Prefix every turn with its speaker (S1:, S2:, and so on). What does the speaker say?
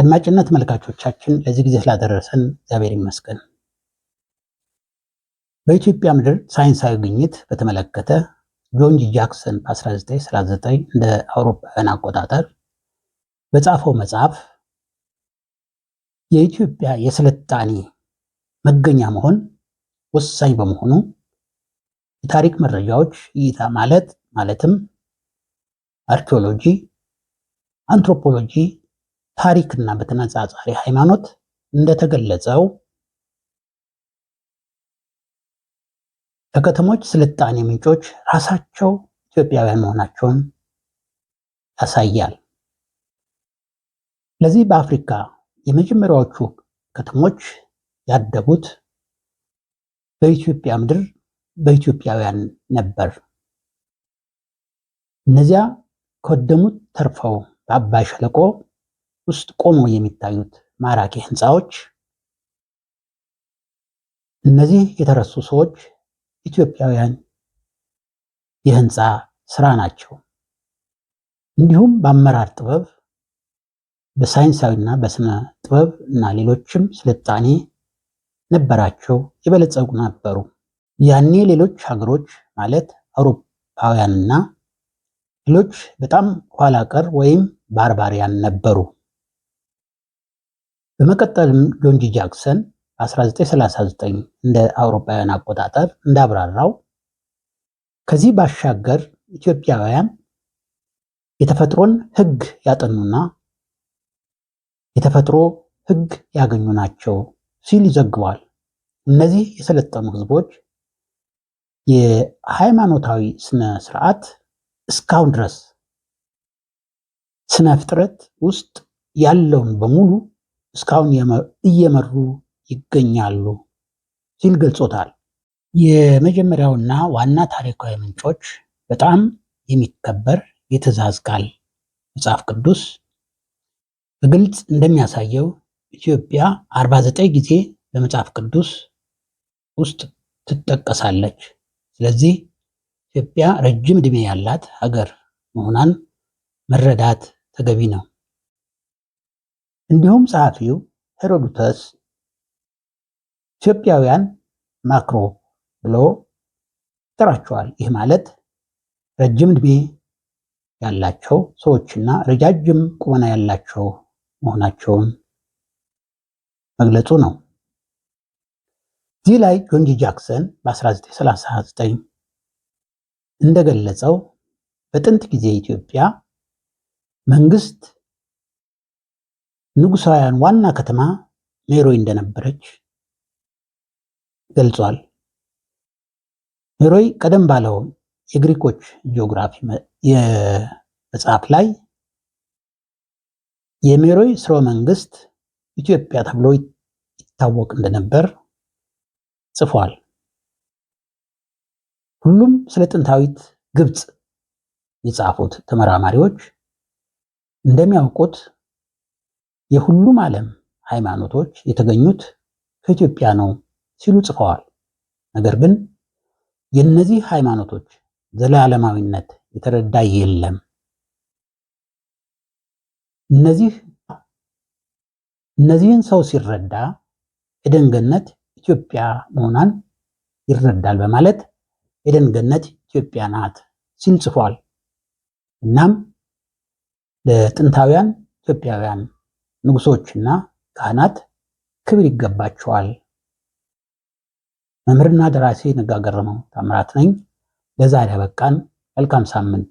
S1: አድማጭነት ተመልካቾቻችን ለዚህ ጊዜ ስላደረሰን እግዚአብሔር ይመስገን። በኢትዮጵያ ምድር ሳይንሳዊ ግኝት በተመለከተ ጆንጅ ጃክሰን በ1939 እንደ አውሮፓውያን አቆጣጠር በጻፈው መጽሐፍ የኢትዮጵያ የስልጣኔ መገኛ መሆን ወሳኝ በመሆኑ የታሪክ መረጃዎች እይታ ማለት ማለትም አርኪኦሎጂ፣ አንትሮፖሎጂ ታሪክና በተነጻጻሪ ሃይማኖት እንደተገለጸው ከከተሞች ስልጣኔ ምንጮች ራሳቸው ኢትዮጵያውያን መሆናቸውን ያሳያል። ለዚህ በአፍሪካ የመጀመሪያዎቹ ከተሞች ያደጉት በኢትዮጵያ ምድር በኢትዮጵያውያን ነበር። እነዚያ ከወደሙት ተርፈው በአባይ ሸለቆ ውስጥ ቆመው የሚታዩት ማራኪ ህንፃዎች እነዚህ የተረሱ ሰዎች ኢትዮጵያውያን የህንፃ ስራ ናቸው። እንዲሁም በአመራር ጥበብ በሳይንሳዊና በስነ ጥበብ እና ሌሎችም ስልጣኔ ነበራቸው፣ የበለጸጉ ነበሩ። ያኔ ሌሎች ሀገሮች ማለት አውሮፓውያንና ሌሎች በጣም ኋላ ቀር ወይም ባርባሪያን ነበሩ። በመቀጠልም ጆንጂ ጃክሰን 1939 እንደ አውሮፓውያን አቆጣጠር እንዳብራራው ከዚህ ባሻገር ኢትዮጵያውያን የተፈጥሮን ሕግ ያጠኑና የተፈጥሮ ሕግ ያገኙ ናቸው ሲል ይዘግቧል። እነዚህ የሰለጠኑ ሕዝቦች የሃይማኖታዊ ስነ ስርዓት እስካሁን ድረስ ስነ ፍጥረት ውስጥ ያለውን በሙሉ እስካሁን እየመሩ ይገኛሉ ሲል ገልጾታል። የመጀመሪያውና ዋና ታሪካዊ ምንጮች በጣም የሚከበር የትእዛዝ ቃል መጽሐፍ ቅዱስ በግልጽ እንደሚያሳየው ኢትዮጵያ 49 ጊዜ በመጽሐፍ ቅዱስ ውስጥ ትጠቀሳለች። ስለዚህ ኢትዮጵያ ረጅም ዕድሜ ያላት ሀገር መሆኗን መረዳት ተገቢ ነው። እንዲሁም ጸሐፊው ሄሮዶተስ ኢትዮጵያውያን ማክሮ ብሎ ይጠራቸዋል። ይህ ማለት ረጅም እድሜ ያላቸው ሰዎችና ረጃጅም ቁመና ያላቸው መሆናቸውን መግለጹ ነው። እዚህ ላይ ጆንጂ ጃክሰን በ1939 እንደገለጸው በጥንት ጊዜ ኢትዮጵያ መንግስት ንጉሳውያን ዋና ከተማ ሜሮይ እንደነበረች ገልጿል። ሜሮይ ቀደም ባለው የግሪኮች ጂኦግራፊ መጽሐፍ ላይ የሜሮይ ስርወ መንግስት ኢትዮጵያ ተብሎ ይታወቅ እንደነበር ጽፏል። ሁሉም ስለ ጥንታዊት ግብፅ የጻፉት ተመራማሪዎች እንደሚያውቁት የሁሉም ዓለም ሃይማኖቶች የተገኙት ከኢትዮጵያ ነው ሲሉ ጽፈዋል። ነገር ግን የእነዚህ ሃይማኖቶች ዘላለማዊነት የተረዳ የለም። እነዚህ እነዚህን ሰው ሲረዳ የደንገነት ኢትዮጵያ መሆኗን ይረዳል በማለት የደንገነት ኢትዮጵያ ናት ሲል ጽፏል። እናም ለጥንታውያን ኢትዮጵያውያን ንጉሶችና ካህናት ክብር ይገባቸዋል። መምህርና ደራሲ ነው ታምራት ነኝ። ለዛሬ በቃን። መልካም ሳምንት